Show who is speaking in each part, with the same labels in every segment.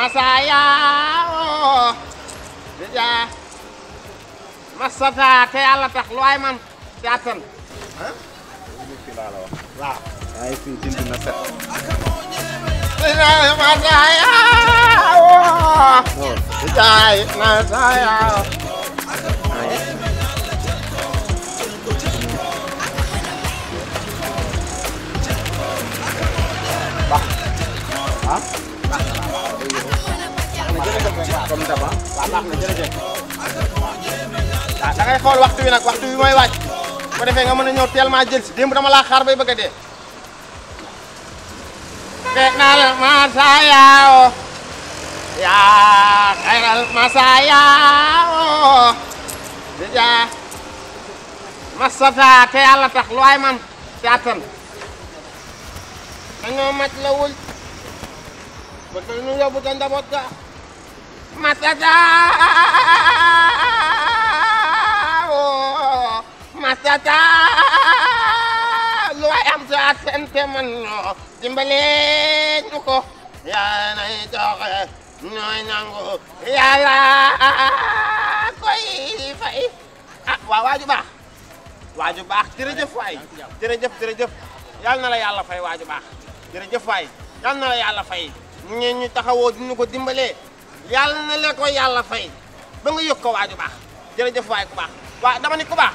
Speaker 1: masaaya o oh. di jaa te yàlla tax lu waay man ci attan ah fi laa la wax waaw ay fi jënd na set oh. masaaya o oh. di jaa comme ah, d'abord da ngay xool waxtu bi nag waxtu bi mooy wàcc ko defee nga mën a ñëw tellement jël si démb dama laa xaar bay bëgg a dee fekk naa la masayaawo yaa xayral masayaawo di jaa masafa te yàlla tax lu waay man te attan dañoo mat la wul ba tey nu yóbbu ta njaboot ga masata woo masata lu waay am sa sente man ñoo dimbale ñu ko yaa nay doxe ñooy nangu yàlla koy fay ah waaw waaju baax waaju baax jërëjëf waay jërëjëf jërëjëf yàlla na la yàlla fay waaju baax jërëjëf waay yàlla na la yàlla fay ñu ngeen ñu taxawoo di ko dimbalee yàlla na leen ko yàlla fay ba nga yëg ko waaju baax jërëjëf waay ku baax waa dama ni ku baax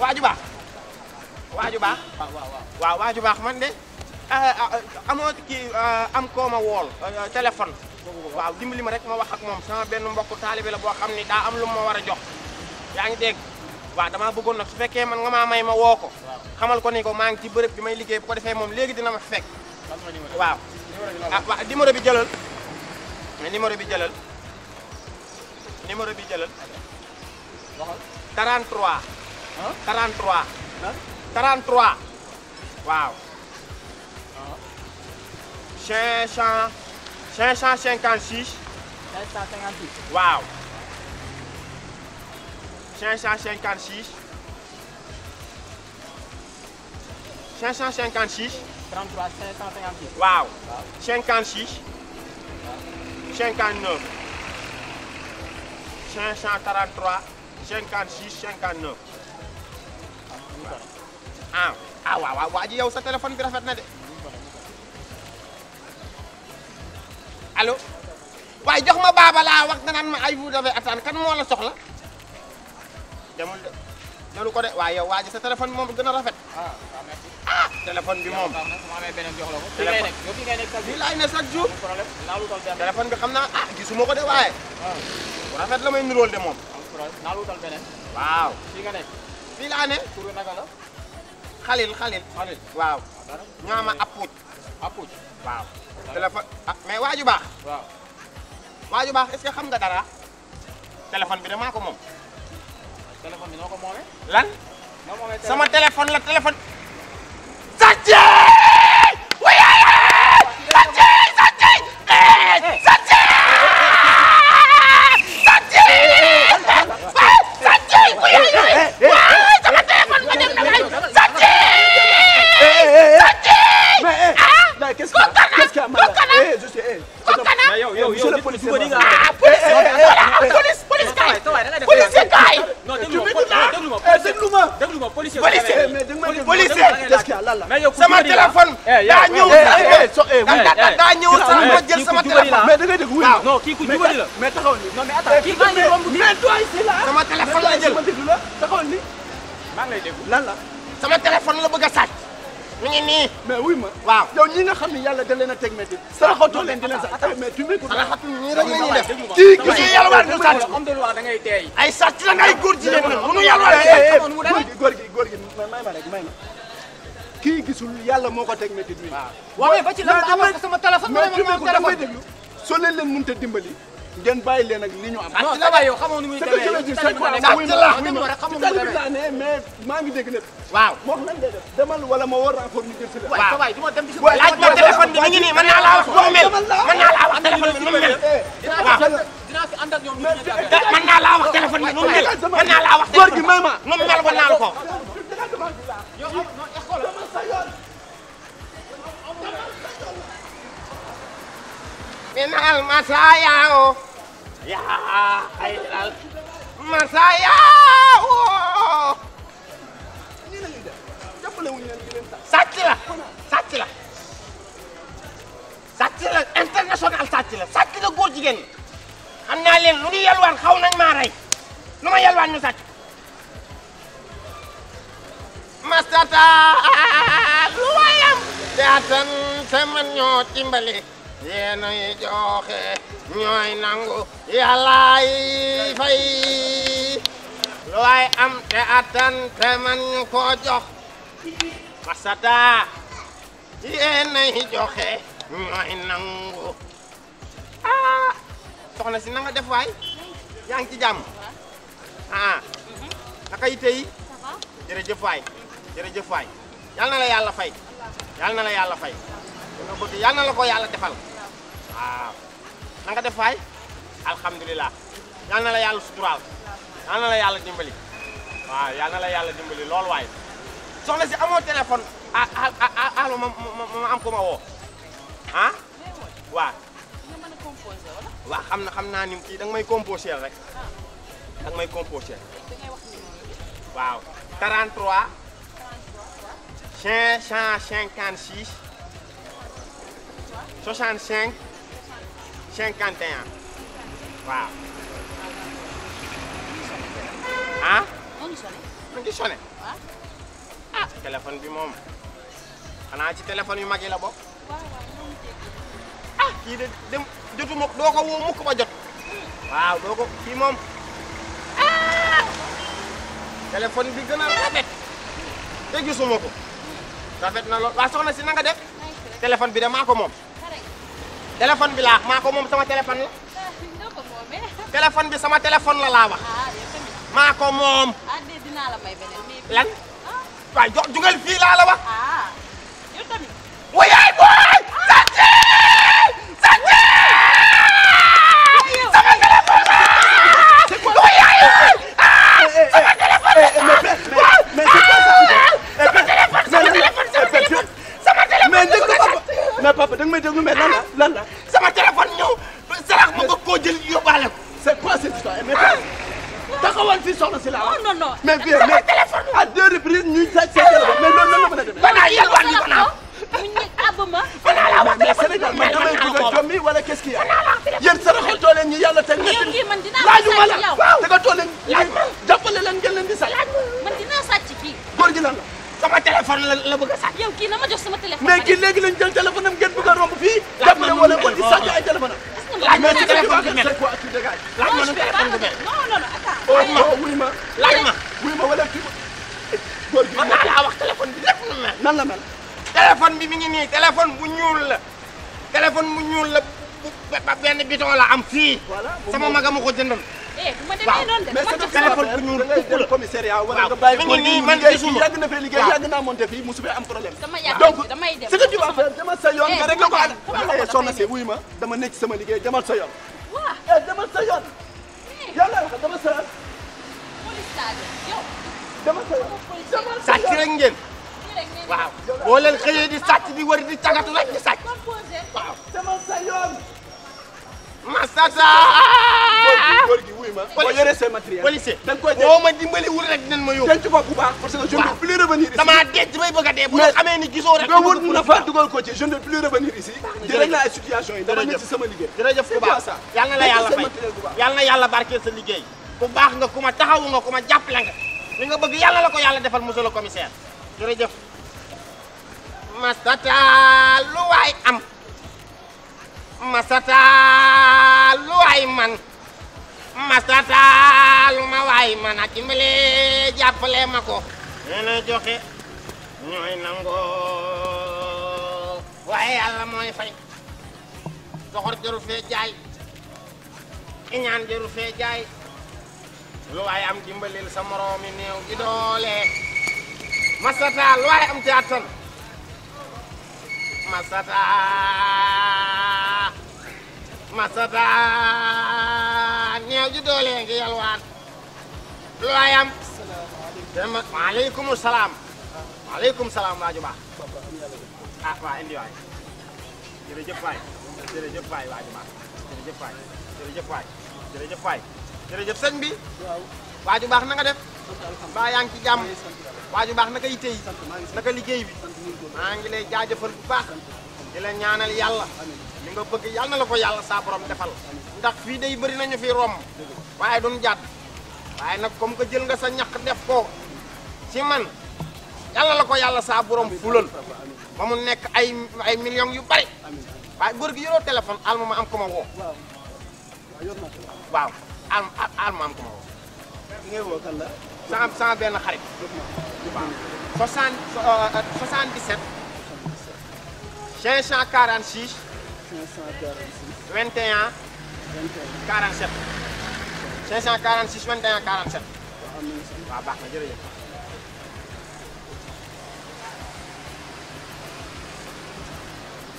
Speaker 1: waaju baax waaju baax waaw waaju baax man de ah, ah, ah, amoo kii am koom ma wool euh, téléphone waaw dimbali ma rek ma wax ak moom sama benn mbokk taalibe la boo xam ni daa am lu ma war a jox yaa ngi dégg waaw damaa bëggoon nag su fekkee man nga maa may ma woo ko xamal ko ni ko maa ngi ci bërëb bi may liggéey bu ko defee moom léegi dina ma fekk waaw ah waaw numéro bi jëlal numéro bi jëlal numéro bi jëlal. waxal 33. ah 33. lan 33. waaw. waaw. 500. 556. 556. waaw. 556. 556. 33 556. waaw. waaw 56. 59. 543 56 59. ah ah waa ji yow sa téléphone bi rafet na de. allo. waaye jox ma baaba laa wax nga ma ay vous avez attan kan moo soxla. demul de loolu ko de waay yow waa ji sa téléphone bi moom gën a rafet. bi ah, merci. ah téléphone bi moom. téléphone bi xam naa ah gisuma ko de waaye. Ah. bu la may nirool de moom. waaw fii nga nekk. fii laa ne. tur xalil xalil. waaw. ñoo ma waaw. téléphone ah, mais waaju baax. waaw waaju baax est xam nga dara. téléphone bi damaa ko moom. bi noo ko moomee. lan. sama téléphone la téléphone.
Speaker 2: monsieur le policier ah eh, eh, eh, police police kaay policier kaay. non déglu ma déglu ma déglu ma policier sama téléphone. daa ñëw daa ñëw sax ma jël sama téléphone. mais da ngay dégg wuyu ma non kii ku jubali la mais taxawal ni. non mais attends kii maa ngi romb mais doy si la sama téléphone la jël taxawal ni. maa ngi lay déglu lan la. sama téléphone la bëgg a sàcc mi ngi nii. mais wuy ma waaw yow ñi nga xam ne yàlla da leen a teg métti. saraxatoo dina sax mais tu me. saraxatu la ñuy def kii kii kii yàlla waay du sàcc.
Speaker 1: ay sàcc la ngay góor jigéen la munu yàlla eh, eh,
Speaker 2: eh. gisul yàlla moo ko teg métti bi. waaw waaye ba ci lan la amoon sama téléphone. mais soo leen leen mënut dimbali ngeen bàyyi leen ak li ñu am. non la waay yow xamoo nu muy demee yow ci tali bi la ne mais maa ngi dégg lépp. waaw moo xam lan ngay def demal wala ma war renfort ñu jël si la. waaw waay du ma dem ci laaj ma téléphone bi mi ngi nii mën naa laa wax mu mel mën naa laa wax téléphone bi mu mel. waaw dinaa fi ànd ak ñoom ñu mën naa laa wax téléphone bi mu mel mën naa laa wax. góor gi may ma mu mel wan naa la ko.
Speaker 1: من المسايا يا خير المسايا sàcc la sàcc la sàcc la international sàcc la sàcc la góor jigéen ñi xam naa leen nañ maa rey lu ñu sàcc mastata lu waayam te atan sama ñoo dimbali yéenay joxe ñooy nangu yàllaay fay lu am te attan te ñu ko jox masata yéenay joxe ñooy nangu ah soxna si na nga def waay yaa ngi ci jàmm ah, naka yite yi jërëjëf waay jërëjëf yal na la yàlla fay yal na la yàlla fay yal na la ko yàlla defal. waaw ah, na nga def waay alhamdulilah yal na la yàlla suturaal yal na la yàlla dimbali waaw yal na la yàlla dimbali lool waay soxna si amoo téléphone ah ah, ah, ah ma ma am ko woo ah waaw.
Speaker 2: nga mën
Speaker 1: na xam naa ni kii da may composé rek da nga may composé. da ngay wax waaw 43. 556. 65. 51 waaw. ah.
Speaker 2: waaw.
Speaker 1: ah téléphone bi moom xanaa ci téléphone yu mag yi la bokk. Ah, kii de dem jotu doo ko woo mukk ba jot. waaw doo ko kii moom ah bi gën a rafet te gisuma ko rafet na lool waa soxna si na nga def téléphone bi de maa moom. téléphone bi laa maa moom sama téléphone la. téléphone bi sama téléphone la laa wax. Ah, maa moom.
Speaker 2: Ah, lan. Ah.
Speaker 1: waaw jo jugal fii laa la wax.
Speaker 2: naa la waaw te nga toog laaj ma jàppale leen ngeen leen di lan la sama téléphone la la bëgg a sàcc. yow kii na ma jox sama téléphone. mais kii léegi romb fii. laaj ma wala ko di sàcc ay téléphone ma ci téléphone bi mel laaj ma ci téléphone bi mel. non non non attends. Oh, wuy ma laaj ma wuy ma wala kii ma.
Speaker 1: góor gi ma naa wax téléphone bi mi ngi nii téléphone bu ñuul la téléphone mu ñuul la benn bidon la am fii. sama maga ma ko jëndoon
Speaker 2: waaw mais sa téléphone bi ñuul kukku la commissariat wala nga bàyyi ko nii man gisuma yàgg na fee liggéey yàgg naa monté fii musu fee am problème donc ce sa yoon eh, nga rek la eh, ma dama nekk sama liggéey demal sa yoon waaw eh, demal sa yoon yàlla wax demal sa yoon demal sa waaw boo leen xëyee di sàcc di wër di cagatu rek di sàcc Masata. góor gi wuy ma. boo ma dimbali wul rek dinañ ma yóbbu. denc ko bu baax parce que je ne veux plus revenir ici. damaa
Speaker 1: denc bay bëgg a dee. bu ñu xamee ni gisoo rek. nga wut
Speaker 2: dugal ko ci je ne plus revenir ici. jërëjëf naa sama liggéey. jërëjëf bu baax yal na la yàlla fay
Speaker 1: yal na yàlla barkeel sa liggéey. bu baax nga ku ma taxawu nga ku ma jàppale nga. nga bëgg yàlla la ko yàlla defal monsieur le commissaire jërëjëf lu waay am masataal lu waay man masataal lu ma waay man ak dimbale jàppale ma ko neena joxe ñooy nangoo waaye yàlla mooy fay soxor jëru fee jaay iñaan jëru fee jaay lu waay am dimbalil sa moroomi néew gi doole masataal lu waay am ci attan masataal masataan ñeew ji doolee ngi yalwaan looyam waaleykum salaam waaleykum salaam waaju baax ah waa indi waay jërëjëf waay jërëjëf waay waaju baax jërëjëf waay jërëjëf waay jërëjëf waay jërëjëf sëñ bi waaju baax na nga def mbaa yaa ngi ci jàmm waaju baax naka yitte yi naka liggéey bi maa ngi lay jaajëfal bu baax di la ñaanal yàlla li nga bëgg yàlla na la ko yàlla saa borom defal ndax fii day bëri nañu fi romb waaye duñ jàdd waaye nag comme que jël nga sa ñax def ko ci man yàlla la ko yàlla saa borom fulal ba mu nekk ay ay yu bari waaye góor gi yoroo téléphone alma ma am ko ma waaw alma am ko ma woo. benn xarit. waaw soixante euh, euh, soixante dix sept. cinq 546 21 47 546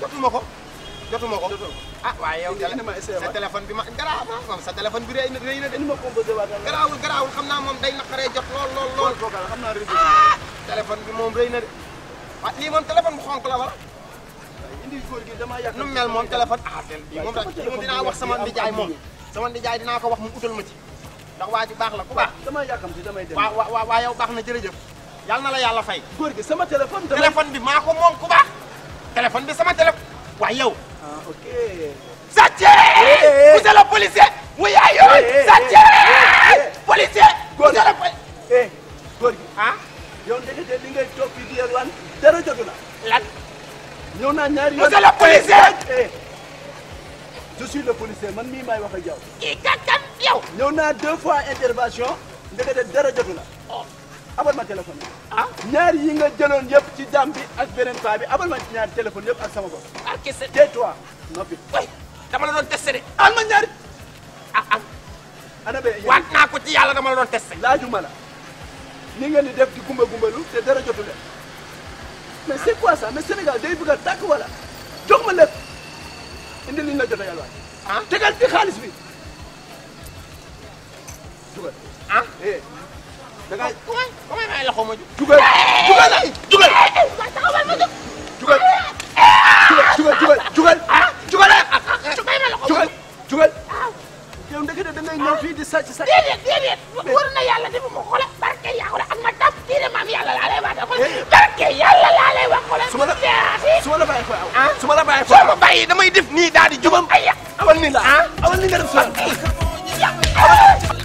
Speaker 1: jotuma ko jotuma ko ah waaye sa téléphone bi ma garaawul ah, moom sa téléphone bi rëy na de garaawul garaawul xam naa moom day naqaree jot lool lool lool ah, téléphone bi moom rëy de waaw lii moom téléphone bu xonk la wala nu mu mel moom téléphone ah déedéet moom rek moom dinaa wax sama ndijaay moom sama ndijaay dinaa ko wax mu utal ma ci ndax waa ji baax la ku baax. Ah, damay yàkkamti damay dem waaw waaw waaw yow baax na jërëjëf yàlla na la yàlla fay. góor gi sama téléphone. téléphone bi maa ko moom ku baax téléphone bi sama téléphone
Speaker 2: waaye yow. ah ok. sàcce. Eh, eh, eh. monsieur le policier. mu yaay yoon sàcce. policier. góor gi monsieur le policier. Ah? la. ñëw naa ñaari yoon. monsieur le policier. je suis man mii maay wax ak yow. kii kan kan yow. la. Oh. abal ma téléphone bi. ah ñaar yi nga jëloon yëpp ci jàmm bi ak beneen paa bi abal ma ñaari téléphone yëpp ak sama bopp. ah kese tais noppi. way dama la de. al ma ñaari. ah ah. ana be waat naa ko ci yàlla dama la doon testé. laaju ma la ni nga def di gumba gumbalu te dara jotu la. mais c'est quoi ça mais Sénégal day bëgg a tàkk wala jox ma lépp indi li ñu la jot a yalwaat. ah tegal fi xaalis bi dugal. ah eh da ngaa. waaw waaw waaye loxo ma ju. dugal eh, eh, eh, dugal la dugal. waaw taxawal ma jóg. dugal dugal dugal dugal. ah dugal ah dugal ah, ma loxo dugal dugal. Ah. yow ndekete da ngay ñëw fii di sàcc sàcc. déedéet déedéet war na yàlla defu ma xoolal barke yàlla ak ma dab déedéet maam yàlla laa lay wax su ma la su ma la bàyyi fooy aw. su ma la bàyyi fooy aw soo ma bàyyi damay def nii daal di jubam. ay yàq awal nii la awal nii nga